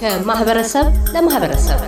ከማህበረሰብ ለማህበረሰብ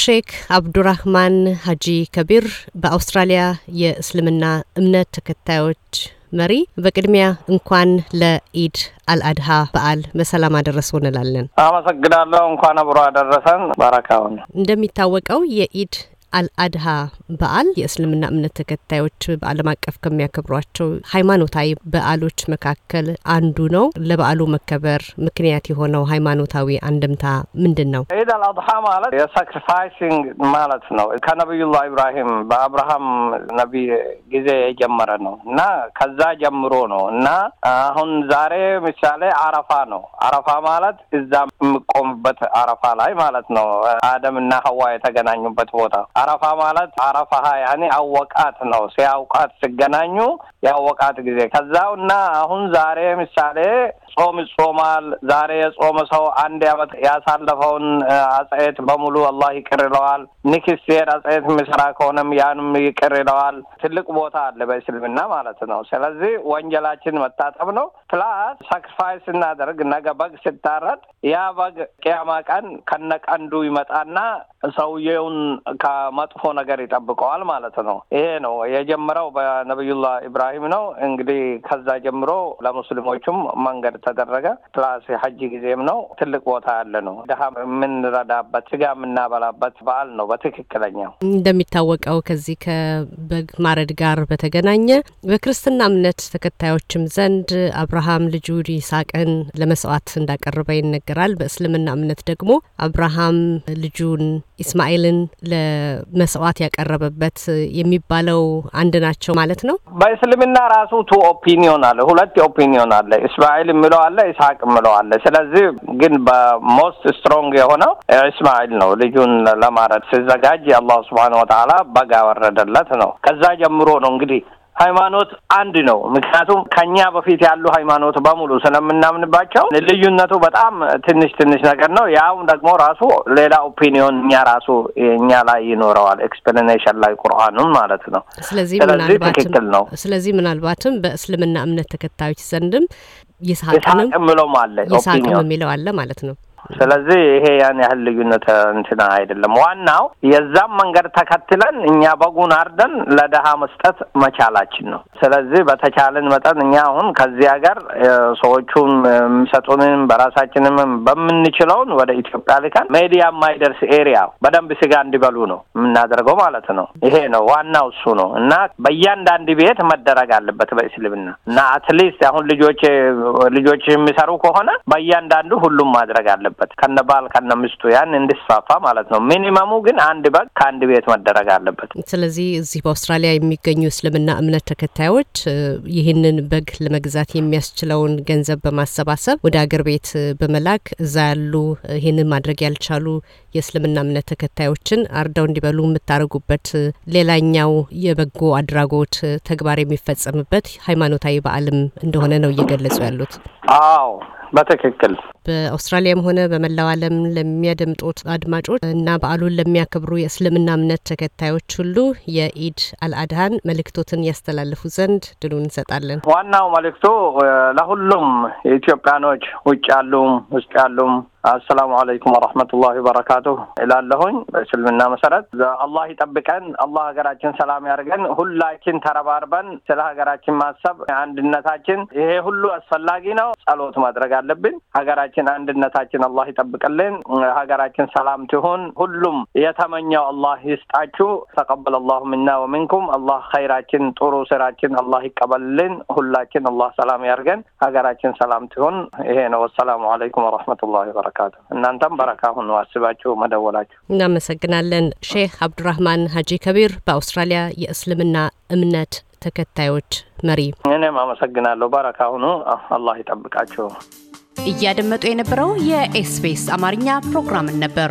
ሼክ አብዱራህማን ሀጂ ከቢር በአውስትራሊያ የእስልምና እምነት ተከታዮች መሪ፣ በቅድሚያ እንኳን ለኢድ አልአድሃ በዓል በሰላም አደረሰው እንላለን። አመሰግናለሁ። እንኳን አብሮ አደረሰን። ባረካውን እንደሚታወቀው የኢድ አልአድሃ በዓል የእስልምና እምነት ተከታዮች በዓለም አቀፍ ከሚያከብሯቸው ሃይማኖታዊ በዓሎች መካከል አንዱ ነው። ለበዓሉ መከበር ምክንያት የሆነው ሃይማኖታዊ አንድምታ ምንድን ነው? ኢድ አልአድሃ ማለት የሳክሪፋይሲንግ ማለት ነው። ከነቢዩላ ኢብራሂም በአብርሃም ነቢይ ጊዜ የጀመረ ነው እና ከዛ ጀምሮ ነው እና አሁን ዛሬ ምሳሌ አረፋ ነው። አረፋ ማለት እዛ የምቆምበት አረፋ ላይ ማለት ነው። አደምና ሀዋ የተገናኙበት ቦታ አረፋ ማለት አረፋሀ ያኔ አወቃት ነው። ሲያውቃት ሲገናኙ ያወቃት ጊዜ ከዛው እና አሁን ዛሬ ምሳሌ ጾም ይጾማል። ዛሬ የጾመ ሰው አንድ ዓመት ያሳለፈውን አጽየት በሙሉ አላህ ይቅር ይለዋል። ንክስ አጽየት የሚሰራ ከሆነም ያንም ይቅር ይለዋል። ትልቅ ቦታ አለ በእስልምና ማለት ነው። ስለዚህ ወንጀላችን መታጠብ ነው። ፕላስ ሳክሪፋይስ ስናደርግ ነገ በግ ስታረድ ያ በግ ቅያማ ቀን ከነቀንዱ ይመጣና ሰውዬውን ከመጥፎ ነገር ይጠብቀዋል ማለት ነው። ይሄ ነው የጀመረው በነቢዩላህ ኢብራሂም ነው። እንግዲህ ከዛ ጀምሮ ለሙስሊሞቹም መንገድ ተደረገ። ፕላስ የሐጅ ጊዜም ነው። ትልቅ ቦታ ያለ ነው። ድሀ የምንረዳበት ስጋ የምናበላበት በዓል ነው በትክክለኛው። እንደሚታወቀው ከዚህ ከበግ ማረድ ጋር በተገናኘ በክርስትና እምነት ተከታዮችም ዘንድ አብርሃም ልጁ ይስሐቅን ለመስዋዕት እንዳቀረበ ይነገራል። በእስልምና እምነት ደግሞ አብርሃም ልጁን ኢስማኤልን ለ መስዋዕት ያቀረበበት የሚባለው አንድ ናቸው ማለት ነው። በእስልምና ራሱ ቱ ኦፒኒዮን አለ፣ ሁለት ኦፒኒዮን አለ። እስማኤል የሚለው አለ፣ ኢስሐቅ የሚለው አለ። ስለዚህ ግን በሞስት ስትሮንግ የሆነው እስማኤል ነው። ልጁን ለማረድ ሲዘጋጅ አላህ ስብሃነ ወተዓላ በጋ ወረደለት ነው። ከዛ ጀምሮ ነው እንግዲህ ሃይማኖት አንድ ነው። ምክንያቱም ከኛ በፊት ያሉ ሃይማኖት በሙሉ ስለምናምንባቸው ልዩነቱ በጣም ትንሽ ትንሽ ነገር ነው። ያውም ደግሞ ራሱ ሌላ ኦፒኒዮን እኛ ራሱ እኛ ላይ ይኖረዋል ኤክስፕሌኔሽን ላይ ቁርአኑን ማለት ነው። ስለዚህ ትክክል ነው። ስለዚህ ምናልባትም በእስልምና እምነት ተከታዮች ዘንድም አለ ይስሐቅ የሚለው አለ ማለት ነው። ስለዚህ ይሄ ያን ያህል ልዩነት እንትን አይደለም። ዋናው የዛም መንገድ ተከትለን እኛ በጉን አርደን ለድሀ መስጠት መቻላችን ነው። ስለዚህ በተቻለን መጠን እኛ አሁን ከዚህ ሀገር ሰዎቹም የሚሰጡንም በራሳችንም በምንችለውን ወደ ኢትዮጵያ ልከን ሜዲያ ማይደርስ ኤሪያ በደንብ ስጋ እንዲበሉ ነው የምናደርገው ማለት ነው። ይሄ ነው ዋናው እሱ ነው እና በእያንዳንድ ቤት መደረግ አለበት በእስልምና እና አትሊስት አሁን ልጆች ልጆች የሚሰሩ ከሆነ በእያንዳንዱ ሁሉም ማድረግ አለበት። አለበት ከነ ምስቱ ያን እንድስፋፋ ማለት ነው። ሚኒመሙ ግን አንድ በግ ከአንድ ቤት መደረግ አለበት። ስለዚህ እዚህ በአውስትራሊያ የሚገኙ እስልምና እምነት ተከታዮች ይህንን በግ ለመግዛት የሚያስችለውን ገንዘብ በማሰባሰብ ወደ አገር ቤት በመላክ እዛ ያሉ ይህንን ማድረግ ያልቻሉ የእስልምና እምነት ተከታዮችን አርደው እንዲበሉ የምታደርጉበት ሌላኛው የበጎ አድራጎት ተግባር የሚፈጸምበት ሃይማኖታዊ በዓልም እንደሆነ ነው እየገለጹ ያሉት። አዎ በትክክል በአውስትራሊያም ሆነ በመላው ዓለም ለሚያደምጡት አድማጮች እና በዓሉን ለሚያከብሩ የእስልምና እምነት ተከታዮች ሁሉ የኢድ አልአድሃን መልእክቶትን ያስተላልፉ ዘንድ ድሉ እንሰጣለን። ዋናው መልእክቱ ለሁሉም የኢትዮጵያኖች ውጭ ያሉም ውስጥ ያሉም አሰላሙ አለይኩም ወረህመቱላሂ ወበረካቱሁ እላለሁኝ። በእስልምና መሰረት አላህ ይጠብቀን፣ አላህ ሀገራችን ሰላም ያርገን ሁላችን ተረባርበን ስለ ሀገራችን ማሰብ አንድነታችን፣ ይሄ ሁሉ አስፈላጊ ነው። ጸሎት ማድረግ አለብን። ሀገራችን አንድነታችን አላህ ይጠብቅልን፣ ሀገራችን ሰላም ትሁን። ሁሉም የተመኘው አላህ ይስጣችሁ። ተቀበል አላሁ ሚና ወሚንኩም። አላህ ኸይራችን፣ ጥሩ ስራችን አላህ ይቀበልልን። ሁላችን አላህ ሰላም ያርገን ሀገራችን ሰላም ትሁን። ይሄ ነው። ወሰላሙ አለይኩም ወረህመቱላሂ ወበረካቱሁ ወበረካቱ። እናንተም በረካ ሁኑ አስባችሁ መደወላችሁ እናመሰግናለን። ሼህ አብዱራህማን ሀጂ ከቢር በአውስትራሊያ የእስልምና እምነት ተከታዮች መሪ። እኔም አመሰግናለሁ። ባረካ ሁኑ። አላህ ይጠብቃችሁ። እያደመጡ የነበረው የኤስቢኤስ አማርኛ ፕሮግራምን ነበር።